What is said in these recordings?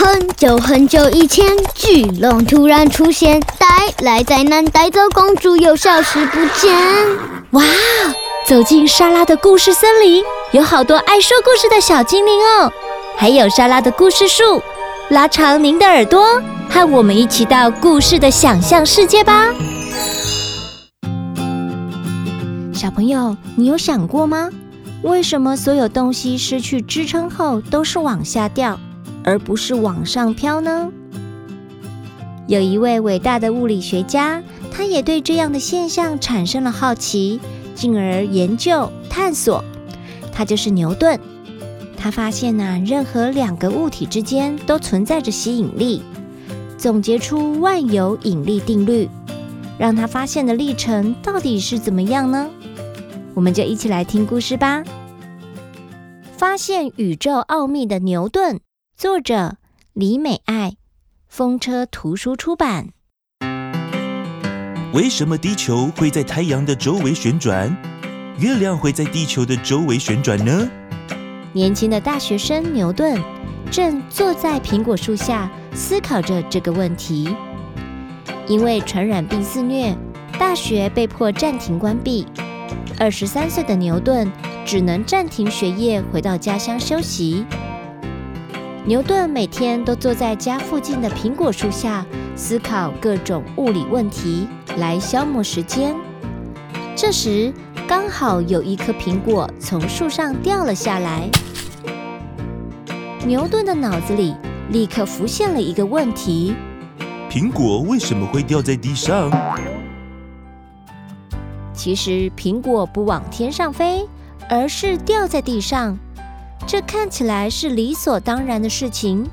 很久很久以前，巨龍突然出現，帶來災難，帶走公主，又消失不見。哇！走進莎拉的故事森林，有好多愛說故事的小精靈哦，還有莎拉的故事樹。拉長您的耳朵，和我們一起到故事的想象世界吧。小朋友，你有想過嗎？為什麼所有東西失去支撐後都是往下掉？而不是往上飄呢？有一位偉大的物理學家，他也對這樣的現象產生了好奇，進而研究探索。他就是牛頓。他發現呢、啊，任何兩個物體之間都存在着吸引力，總結出萬有引力定律，讓他發現的歷程到底是怎麼樣呢？我們就一起來聽故事吧。發現宇宙奧秘的牛頓。作者李美愛，風車圖書出版。為什麼地球會在太陽的周圍旋轉？月亮會在地球的周圍旋轉呢？年輕的大學生牛頓正坐在蘋果樹下思考着這個問題。因為傳染病肆虐，大學被迫暫停關閉。二十三歲的牛頓只能暫停學業，回到家鄉休息。牛頓每天都坐在家附近的蘋果樹下，思考各種物理問題來消磨時間。這時，剛好有一顆蘋果從樹上掉了下來。牛頓的腦子裡立刻浮現了一個問題：蘋果為什麼會掉在地上？其實，蘋果不往天上飛，而是掉在地上。這看起來是理所當然的事情，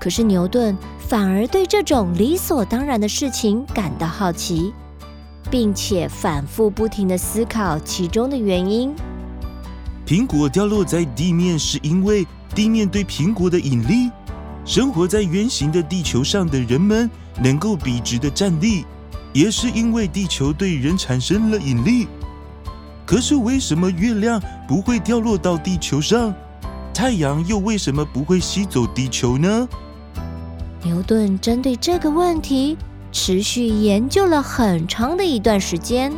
可是牛頓反而對這種理所當然的事情感到好奇，並且反復不停的思考其中的原因。蘋果掉落在地面是因為地面對蘋果的引力；生活在圓形的地球上的人們能夠筆直的站立，也是因為地球對人產生了引力。可是為什麼月亮不會掉落到地球上？太陽又為什麼不會吸走地球呢？牛頓針對這個問題持續研究了很長的一段時間。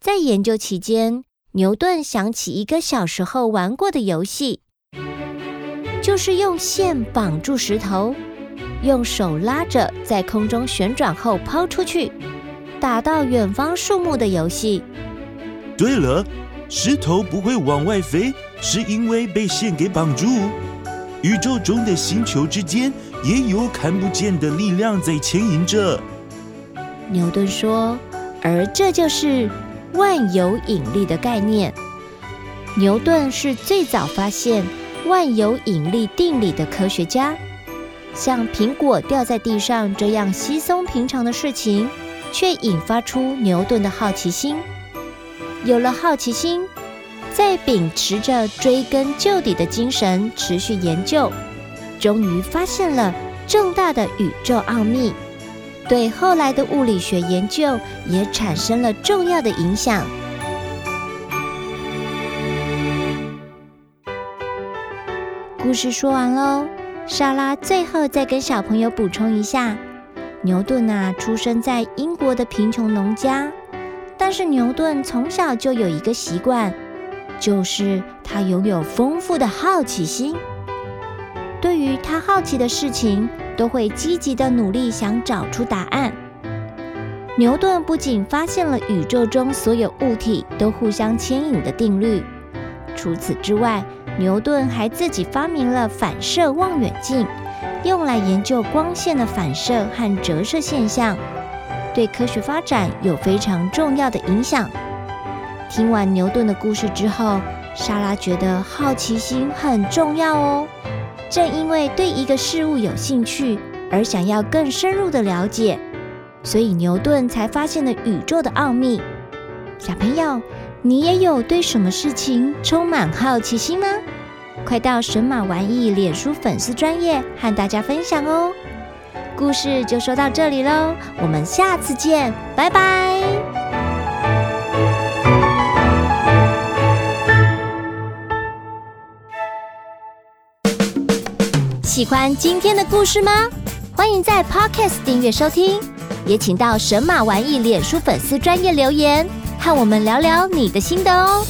在研究期間，牛頓想起一個小時候玩過的遊戲，就是用線綁住石頭，用手拉着在空中旋轉後拋出去，打到遠方樹木的遊戲。對了。石頭不會往外飛，是因為被線給綁住。宇宙中的星球之間也有看不見的力量在牽引着。牛頓說：“而這就是萬有引力的概念。”牛頓是最早發現萬有引力定理的科學家。像蘋果掉在地上這樣稀鬆平常的事情，卻引發出牛頓的好奇心。有了好奇心，再秉持着追根究底的精神持續研究，終於發現了重大的宇宙奧秘，對後來的物理學研究也產生了重要的影響。故事說完嘍，莎拉最後再跟小朋友補充一下：牛頓啊，出生在英國的貧窮農家。但是牛頓從小就有一個習慣，就是他擁有豐富的好奇心。對於他好奇的事情，都會積極的努力想找出答案。牛頓不僅發現了宇宙中所有物體都互相牽引的定律，除此之外，牛頓還自己發明了反射望遠鏡，用來研究光線的反射和折射現象。對科學發展有非常重要的影響。聽完牛頓的故事之後，莎拉覺得好奇心很重要哦。正因為對一個事物有興趣，而想要更深入的了解，所以牛頓才發現了宇宙的奧秘。小朋友，你也有對什麼事情充滿好奇心嗎？快到神馬玩意臉書粉絲專頁和大家分享哦！故事就說到這裡嘍，我們下次見，拜拜！喜歡今天的故事嗎？歡迎在 Podcast 訂閱收聽，也請到神馬玩意臉書粉絲專頁留言，和我們聊聊你的心得哦。